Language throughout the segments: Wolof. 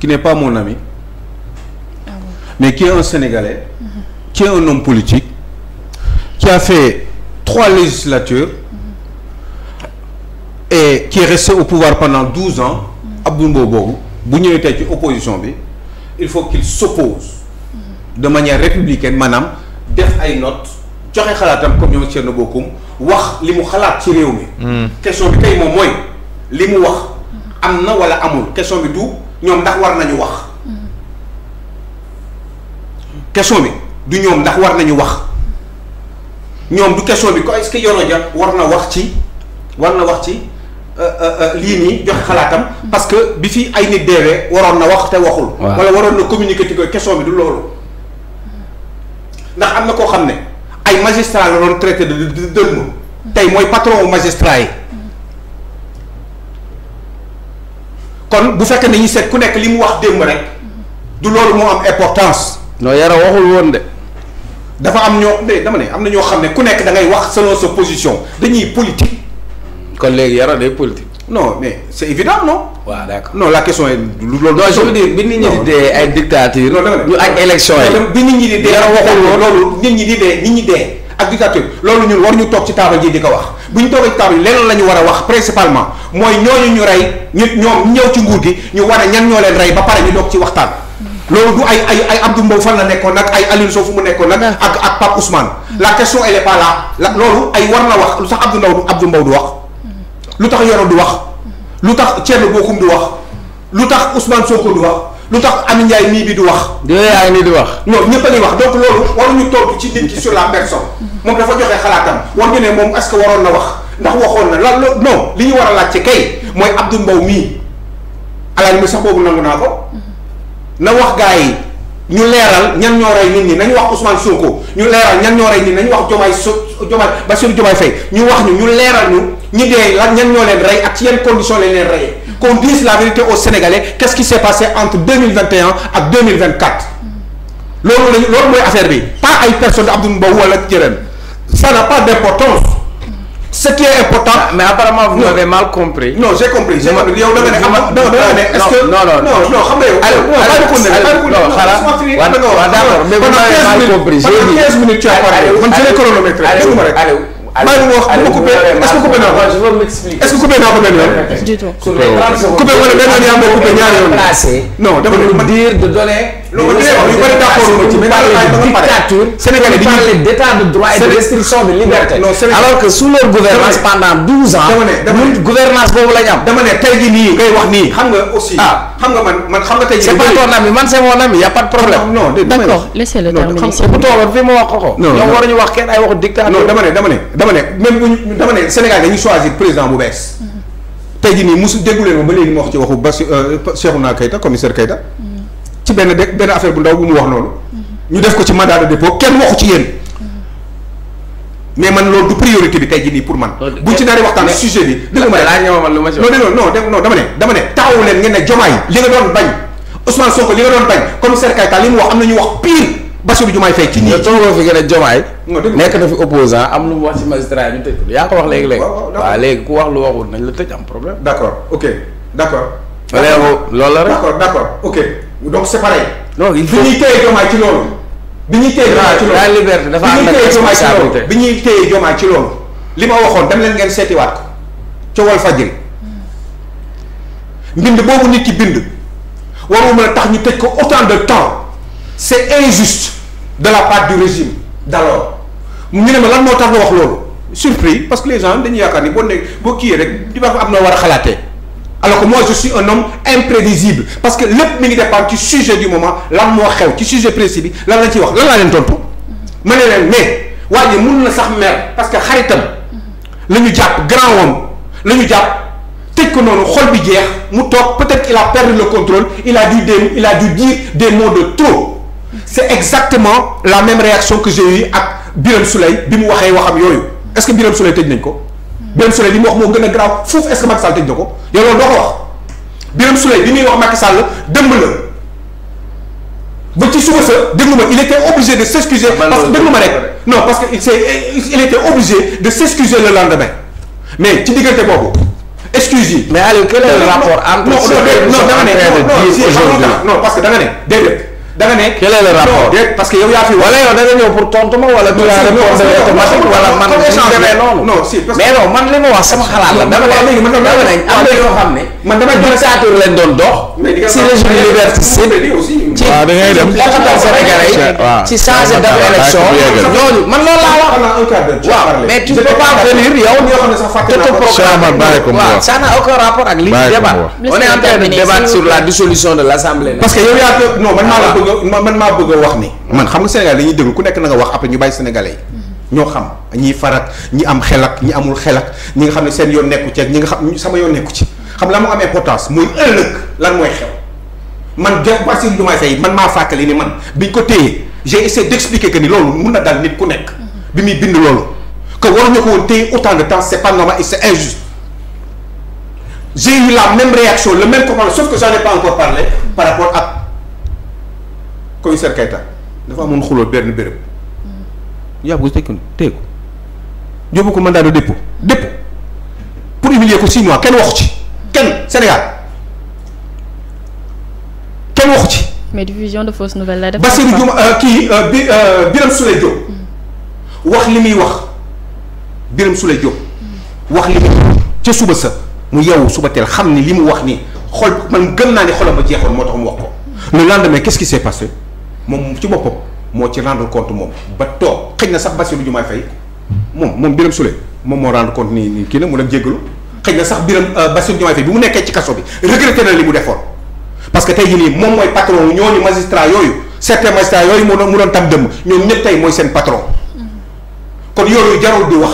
qui n'est pas mon ami mais qui est un Sénégalais mm -hmm. qui est un homme politique qui a fait trois législatures mm -hmm. resté au pouvoir pendant ans Abdou Mbow boobu bu ñëwee tey ci opposition bi il faut qu'il s'oppose de manière républicaine maanaam def ay not joxe xalaatam comme ñoom Thierno Bocoum wax li mu xalaat ci réew mi hmm. question bi tey moom mooy li mu wax am na wala amul question bi du ñoom ndax war nañu wax question bi du ñoom ndax war nañu wax ñoom du question bi ko est-ce que Yoro Dia war na wax ci war na wax ci lii nii joxe xalaatam parce que bi fi ay nit deewee waroon na wax te waxul wala waroon na communiquer ci koy question bi du loolu ndax am na koo xam ne ay magistrat la doon traité de dëlma tey mooy patron magistrat yi kon bu fekkee nañu seet ku nekk li mu wax démb rek du loolu moo am importance. non yara waxul woon de. dafa am ñoo ne dama ne am na ñoo xam ne ku nekk da ngay wax selon sa position dañuy politique. kon léegi yara day politique. no mais c' est évident non. waaw d' accord la question est. lu loolu non je veux dire bi nit ñi di dee ay dictature. ñu ak élection yi. bi nit ñi di nit ñi di dee nit ñi dee. ak dictature loolu ñun war ñu toog ci taabal ji di ko wax bu ñu toogee ci taabal ji leneen la ñu war a wax principalement mooy ñooñu ñu rey ñu ñoom ñëw ci nguur gi ñu war a ñan ñoo leen rey ba pare ñu doog ci waxtaan loolu du ay ay ay Abdou Mbow fan la nekkoon nag ay Alioune Sow fu mu nekkoon nag ak ak Pape Ousmane la question elle est pas là la loolu ay war na wax lu tax Abdou Ndaw Abdou Mbow du wax lu tax Yoro du wax lu tax Thierno Bocoum du wax lu tax Ousmane Sonko du wax lu tax Ami Ndiaye nii bi du wax. yooyu yaay nii di wax. non ñëpp a ngi wax donc loolu waruñu toog ci nit ki sur la personne. Mm-hmm. moom dafa joxe xalaatam. war ñu ne moom est que waroon na wax ndax waxoon na lan la non li ñu war a laaj ci kay mooy Abdou Mbow mii alal mi sax boobu nangu naa ko mm-hmm. na wax gaa yi ñu leeral ñan ñoo rey nit ñi nañu wax Ousmane Sonko ñu leeral ñan ñoo rey nit ñi nañu wax Diomaye so ba Bassirou Diomaye Faye ñu wax ñu ñu leeral ñu ñu dee lan ñan ñoo leen rey ak ci yan condition leen reyee. qu'on dise la vérité aux Sénégalais qu'est-ce qui s'est passé entre 2021 ak 2024 loolu lañu loolu mooy affaire bi pas ay personne Abdou Mbow wala jërëm ça n'a pas d'importance ce qui est important. Ah, mais apparemment vous m'avez mal compris. non j'ai compris j'ai compris est-ce que non non non non xam non xaaral waaw d'accord compris. j'ai dit pendant 15 maa ngi wax bu ma coupé est-ce que coupé naa ko. je veux m'expliquer est-ce que coupé naa ko benn yoon. du tout coupé wala benn yoon yaa ngi coupé ñaari yoon. non dama ne ma dire de donner. loolu yu bëri d'accord ci dictature sénégalais parle d'état de droit et de restriction de liberté alors que sous leur gouvernance pendant douze ans dama ne ah. nga man man xam nga tey jii c'est pas ton ami man c'est mon ami a dama ne dama ne dama ne même buñ dama choisir président bu bees mm-hmm. tey jii nii mosu dégguleen ma ba léegi ma wax ci waxu ba euh, Cheikhouna Keita commissaire Keita ci benn de benn affaire bu ndaw bu mu wax loolu. ñu def ko ci mandat de dépôt kenn waxu ci yéen. mais man loolu du priorité bi tey jii nii pour man. buñ ci naree waxtaan sujet bi. dëgg ma ne la man lu ma ne taxawu leen ngeen ne Jomaay li nga doon bañ Ousmane Sonko li nga doon bañ commissaire Kayta li mu wax am na ñu wax pire Bassirou Diomaye Faye ci nii. yow toogoo fi gën a Jomaay. nekk na fi am lu mu wax ci magistrat yi ñu tëj ko yaa ko wax léegi léegi. waaw léegi ku wax la tëj ok. donc c'est pareil. non il faut bi ñuy téye jomaay ci loolu. bi ñuy téye jomaay ci loolu la liberté dafa am responsabilité bi ñuy téye jomaay ci loolu. li ma waxoon dem leen ngeen seetiwaat ko ca wal fajri mbind boobu nit ki bind warul mën a tax ñu tëj ko autant de temps c'est injuste de la part du régime d'alors ñu ne ma lan moo tax nga wax loolu surpris parce que les gens dañuy yaakaar ni boo nekk boo kii rek di wax am na war a xalaatee. alors que moi je suis un homme imprévisible parce que lépp mi ngi dépendre ci sujet du moment lan moo xew ci sujet précis bi lan la ciy wax lan laa leen tontu ma ne leen mais waa ji mun na sax mer parce que xaritam la ñu jàpp grand homme la ñu jàpp tëj ko noonu xol bi jeex mu toog peut-être il a perdu le contrôle il a dû des il a dû dire des mots de trop c'est exactement la même réaction que j'ai eu ak Birame Souleye bi mu waxee waxam yooyu est-ce que Birame Souleye tëj nañ ko Birame Souleye li mu wax moo gën a garaaw foofu est-ce que Macky tëj na ko yow loolu doo wax Birame Souleye li muy wax Macky Sall dëmb la ba ci suba sa déglu ma il était obligé de s'excuser parce que déglu ma rek non parce que il s'est il était obligé de s'excuser le lendemain mais ci diggante boobu excuse yi. mais Aliou quel est le non non non non parce que da nga ne da nga ne. quel parce que yow yaa fi. wala yow da nga ñëw pour tontu ma wala. tu as réponse wala man li mu demee noonu. non si parce que li ma wax sama xalaat la. dama ne man dama ne am na yoo xam ne. man damay dictature leen ci lakatal Sénégalais yi ci changer man loolu laa wax waaw mais tu peux pas venir yow te te programme waaw ça n'a la dissolution de l'Assemblée parce man maa la bëgg wax ni man xam nga Sénégal dañuy déglu ku nekk na nga wax après ñu bàyyi Sénégalais yi mhm. ñoo xam ñi farak ñi am xel ak ñi amul xel ak ñi nga xam ne seen yoon nekku ci ak ñi nga xam sama yoon nekku ci xam la mu am importance mooy ëllëg lan mooy xew man jox ba Bassirou man maa fàttali ni man biñ ko téye j'ai essayé d'expliquer que ni loolu mun na dal nit ku nekk. bi muy bind loolu. que waruñu ko woon téye autant de temps c'est pas normal et c'est injuste. j'ai eu la même réaction le même commentaire sauf que j'en ai pas encore parlé par rapport ak commissaire Keita dafa amoon xuloo benn béréb. yàgg ko tekki téye ko yóbbu ko mandat de dépôt dépôt pour humilier ko six mois kenn waxu ci kenn Sénégal. kenn waxu ci. mais diffusion de fausses nouvelles la def. Bassirou Dioum euh, kii euh, bi euh, Birame Souleye Diop. Mm. wax li muy wax Birame Souleye Diop. Mm. wax li muy ca suba sa mu yeewu suba teel xam ni li mu wax nii xol man gëm naa ni xolam a jeexoon moo tax mu wax ko. Mm. le lendemain qu'est-ce qui s'est passé moom ci boppam moo ci rendre compte moom ba toog xëj na sax Bassirou Diomaye Faye moom moom Birame Souleye moom moo rendre compte ni kii la mu dem jéggalu xëj na sax Birame Bassirou Diomaye Faye bi mu nekkee ci kaso bi regretté na li mu defoon. parce que tey jii nii moom mooy patron wu ñooñu magistrat yooyu certains magistrats yooyu mu doon mu doon tam dëmm ñoom ñëpp tey mooy seen patron kon yooyu jarul di wax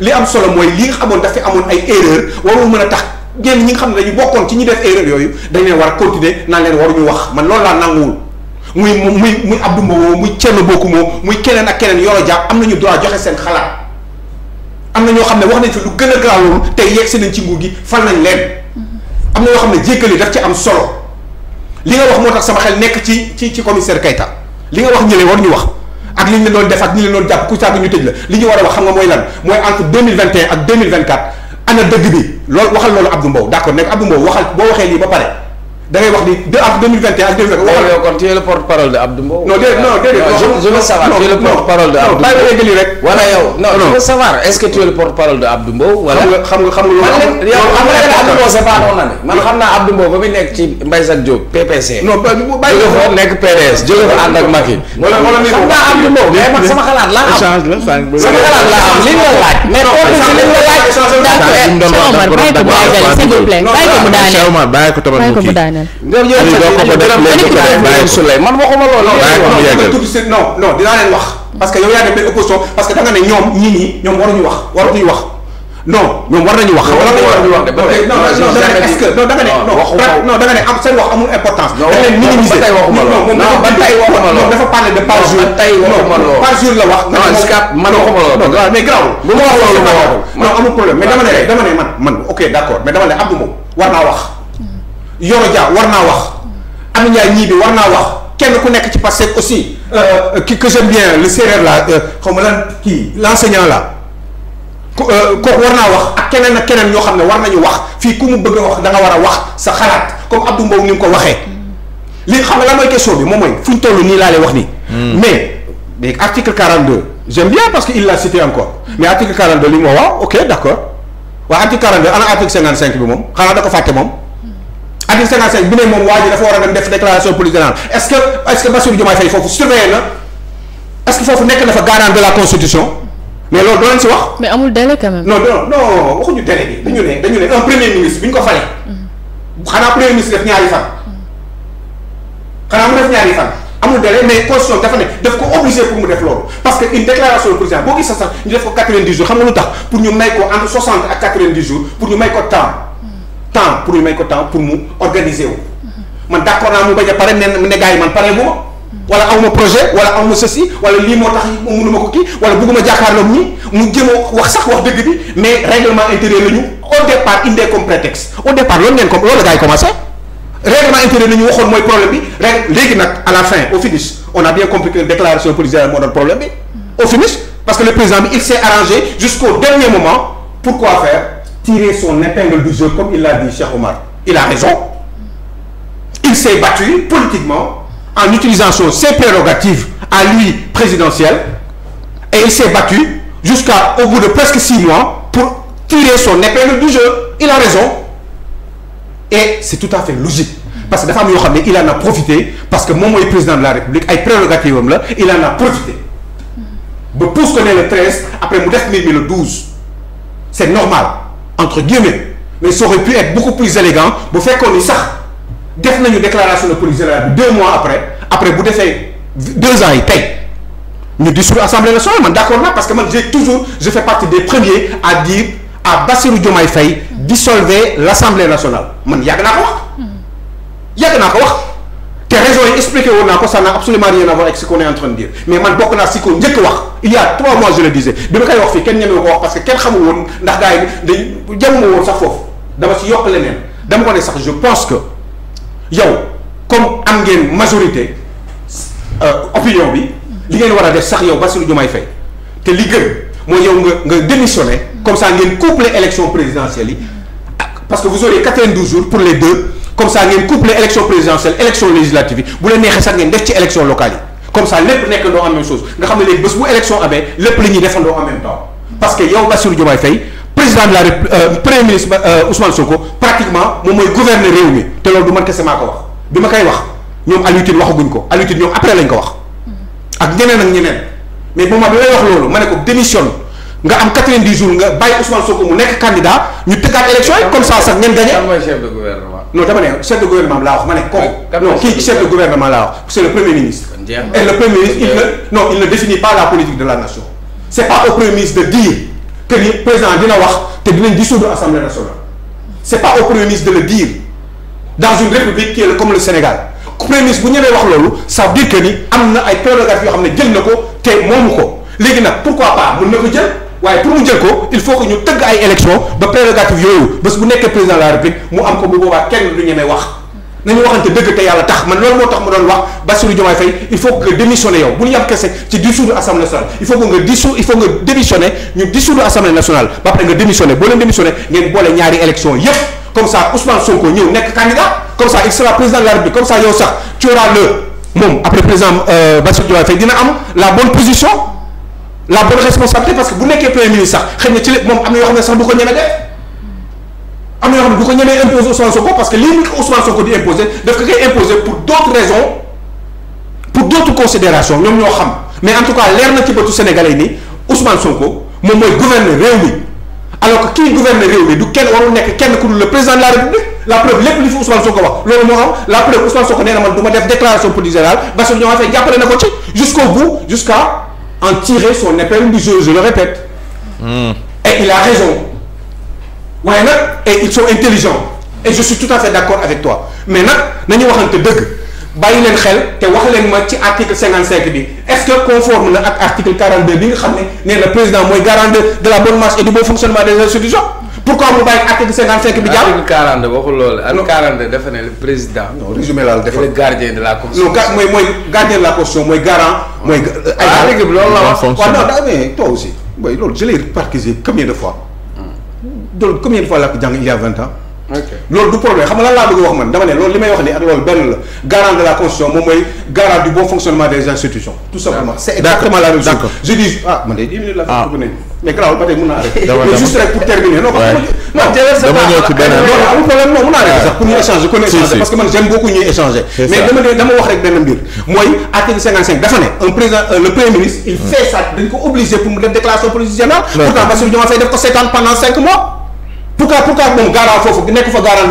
li am solo mooy li nga xamoon dafa ay erreur warul mën a tax ñenn ñi xam ne dañu bokkoon ci ñi def erreur yooyu dañ leen war a continuer naan leen waruñu wax man loolu laa nanguwul muy muy muy Abdou Mbow muy Thierno Bocoum muy keneen ak keneen yoro jàpp am nañu droit joxe seen xalaat am na ñoo xam ne wax nañ fi lu gën a garaaw loolu tey yegg si nañ ci nguur gi fal nañ leen am na yoo xam ne jéggale daf ci am solo. li nga wax moo tax sama xel nekk ci ci ci commissaire Keita li nga wax ñële war ñu wax ak li ñu leen doon def ak ñu leen doon jàpp ku saaga ñu tëj la li ñu war a wax xam nga mooy lan mooy entre 2021 ak 2024 ana dëgg bi loolu waxal loolu Abdou Mbow d'accord nekk Abdou Mbow waxal boo waxee lii ba pare da ngay wax ni deux ak deux mille vingt et un ak deux mille vingt. waxal kon tu es le porte parole de Abdou Mbow. non déedéet non déedéet. je veux savoir tu es le porte parole de Abdou Mbow. bàyyi ma léegi rek. wala yow non je veux savoir est ce que tu es le porte parole de Abdou Mbow. wala xam nga xam nga xam nga yow xam nga ne Abdou Mbow c'est pas non man xam naa Abdou Mbow ba muy nekk ci Mbaye Jacques Diop PPC. non bàyyi ko nekk PDS jóge fa ànd ak Macky. wala wala mi xam naa Abdou Mbow. mais man sama xalaat laa am échange la sànq. sama xalaat laa am li nga laaj. mais tontu si li nga laaj. d'accord Cheikh Omar bàyyi ko mu daaneel s'il vous plaît bàyyi ko mu daaneel. daaneel. ñoom ñoo def man waxuma loolu. que yow yaa def opposition parce que da nga ne ñoom man waxuma loolu ma amul problème mais dama ne man man ok d'accord mais dama ne Abdou moom war naa wax. Yoro Dia war naa wax Amy Ndiaye ñii bi war naa wax kenn ku nekk ci Pastef aussi ki euh, que j'aime bien le séeréer là euh, xaw ma lan kii l'enseignant là euh, kooku war naa wax ak keneen ak keneen ñoo xam ne war nañu wax fii ku mu bëgg a wax da war a wax sa xalaat comme Abdou Mbow ni mu ko waxee li xam nga lan mooy question bi moom mooy fu ñu toll nii laa lay wax nii hmm. mais mais article 42 j'aime bien parce que il l'a cité encore mais article 42 li mu wax waaw ok d'accord ko fàtte moom Adji Sarr Sène bi ne moom waa ji dafa war a dem def déclaration politique générale est-ce que est-ce que Bassirou Diomaye Faye foofu surveillé na est-ce foofu nekk na fa de la constitution mais loolu doo si wax. mais amul délai quand même. non non waxuñu délai bi dañu ne dañu ne un premier ministre bu ñu ko falee. xanaa premier ministre def ñaari fan. xanaa mu def ñaari fan. amul délai mais constitution dafa ne daf ko obligé pour mu def loolu parce que une déclaration pour ñu temps pour ñu may ko temps pour mu organiser man d' naa mu bañ a pare ne ne gars man pare bu ma. wala aw projet wala aw ma ceci lii moo tax mënu ma ko kii wala bëgguma jàkkaarloog ñi mu jéem a wax sax wax dëgg bi mais règlement intérieur la ñu au départ indee comme prétexte au départ loolu ngeen comme loolu la commencé. règlement intérieur la waxoon mooy problème bi rek léegi nag à la fin au finish on a bien compris que tiré son épingle du jeu comme il l'a dit Cheikh Omar il a raison il s'est battu politiquement en utilisant son ses prérogatives à lui présidentielles et il s'est battu jusqu'à au bout de presque six mois pour tirer son épingle du jeu il a raison et c'est tout à fait logique parce que dafa am yoo xam ne il en a profité parce que moom mooy président de la république ay prérogatives am la il en a profité ba pousse ko ne le 13 après mu def mbir mi entre guillemets mais ça aurait pu être beaucoup plus élégant bu fekkoon ni sax def nañu déclaration de politique générale bi deux mois après après bu defee deux ans yi tey ñu dissoudre assemblée nationale man d' accord naa parce que man j'ai toujours je fais partie des premiers à dire à Bassirou Diomaye Faye dissolvez l' assemblée nationale man yàgg naa ko wax yàgg naa ko wax te raison yi expliqué woon naa ko ça n'a absolument rien à voir avec ce qu'on est en train mais man bokk naa si ko njëkk wax il y a trois mois je le disais bi ma koy wax fii kenn ñeme ko wax parce que kenn xamul woon ndax gars yi dañ woon sax foofu dama si yokk leneen dama ko ne sax je pense que yow comme am ngeen majorité euh, opinion bi li ngeen war a def sax yow Bassirou Diomaye Faye te li gën mooy yow nga nga démissionné comme ça ngeen couplé élection présidentielle yi ah, parce que vous aurez 92 jours pour les deux comme ça ngeen couplé élection présidentielle élection législative yi bu la neexee sax ngeen def ci élection locale yi comme ça lépp nekk doo en même chose nga xam ne léegi bés bu élection amee lépp la ñuy defandoo en même yow Bassirou Diomaye Faye président la République euh, premier ministre euh, Ousmane pratiquement moom mooy gouverner réew mi te loolu du man kese maa ko wax bi ma koy wax ñoom Alioune Tine ko Alioune ñoom après lañ ko wax ak ñeneen ak ñeneen mais ma ne ko démissionne nga am 90 jours non dama ne chef de gouvernement laa wax ma ne kooku non kii chef de gouvernement laa wax c'est le premier ministre et le premier ministre il ne non il ne définit pas la politique de la nation c'est pas au premier ministre de dire que ni président dina wax te dinañ dissoudre assemblée nationale c'est pas au premier ministre de le dire dans une république qui est comme le Sénégal premier ministre bu ñëwee wax loolu sa veut dire que ni am na ay prérogatives yoo xam ne jël na ko te moomu ko léegi nag pourquoi pas mën na ko jël waaye pour mu jël ko il faut que ñu tëgg ay élection ba prérogative yooyu bés bu nekkee président de la république mu am ko bu boobaa kenn du ñemee wax nañu waxante dëgg te yàlla tax man loolu moo tax ma doon wax Bassirou Diomaye Faye il faut que nga démissionné yow bu ñu kese ci dissoudre assemblée nationale il faut que nga dissou il faut nga démissionné ñu dissoudre assemblée nationale ba pare nga démissionné boo leen ngeen boole ñaari élection la bonne responsabilité parce que bu nekkee premier ministre sax xëy na ci lépp moom am na yoo xam ne sax du ko ñeme def am na yoo xam ne du ko ñemee imposer Ousmane Sonko parce que lii ko Ousmane Sonko di imposer daf ko koy imposer pour d' autres pour d' autres ñoom ñoo xam mais en tout cas leer na ci bëtu Sénégalais yi nii Ousmane Sonko moom mooy gouverneur réew mi alors que kii gouverne réew mi du kenn warul nekk kenn ku dul le la république en tirer son épingle du jeu je le répète. Hmm. il a raison. waaye nag et ils sont intelligents. et je suis tout à fait d'accord avec toi mais nag nañu waxante dëgg bàyyi leen xel te wax leen ma ci article bi est que conforme na ak article quarante deux bi nga ne na président mooy garant de la bonne marche et du bon fonctionnement des institutions. pourquoi mu bàyyi article cinquante cinq bi waxul loolu. non quarante dafa ne le président. résumé laa la defal gardien de la constitution. non ga mooy gardien de la constitution euh, ah, loolu la wax. waaw non de fois. loolu hmm. combien de fois laa ko jàng il y a vingt ans. ok loolu du problème xam nga lan laa bëgg wax man dama ne loolu li may wax nii ak loolu benn la garant de la constitution moom mooy garant du bon fonctionnement des institutions. tout mais garaawul ba tey mun naa arrêté. mais rek pour terminer. non parce que problème non mun naa arrêté sax pour ñu échanger kon échanger parce que man j'aime beaucoup ñuy échanger. mais dama ne dama wax rek benn mbir. mooy article 55 dafa ne un président euh, le premier ministre. il mm. fait ça dañ ko obligé pour mu def déclaration politique générale. pourtant Bassirou Diomaye Faye def ko sept pendant cinq mois. pourquoi pourquoi moom garant foofu nekk fa garant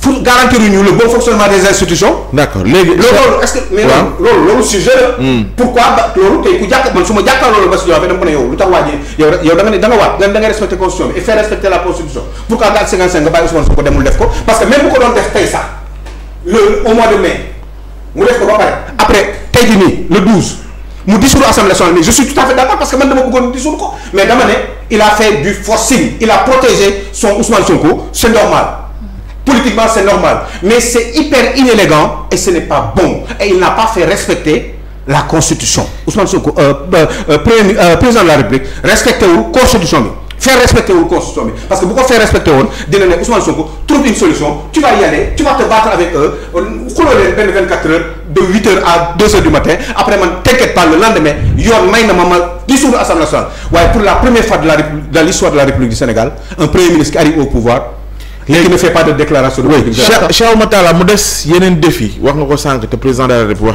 pour garantir ñu le bon fonctionnement des institutions. d' loolu loolu sujet hmm. pourquoi ba loolu tey ku jàkka man su ma jàkkaarloo la ba yow lu tax waa ji yow yow da nga ne da waat da nga respecté constitution bi et la constitution pourquoi nga ak 55 nga bàyyi Ousmane Sonko demul def ko parce que même bu ko doon def tey sax le au mois de mai mu ko ba pare après tey parce que man dama bëggoon dissoudre ko a fait du forcing il Politiquement, c'est normal. Mais c'est hyper inélégant et ce n'est pas bon. Et il n'a pas fait respecter la constitution. Ousmane Sonko euh, euh, euh, président de la République respectewul constitution bi faire respectewul constitution bi parce que bu ko faire respecter woon dina ne Ousmane Sonko trouve une solution tu vas y aller tu vas te battre avec eux xuloo leen benn 24 heures de 8 heures à 2 heures du matin après man t'inquiète pas le lendemain yoon na ma léegi ne fait pas de de politique générale. Cheikh Oumar mu des yeneen défi wax nga ko sànq te président de la wax.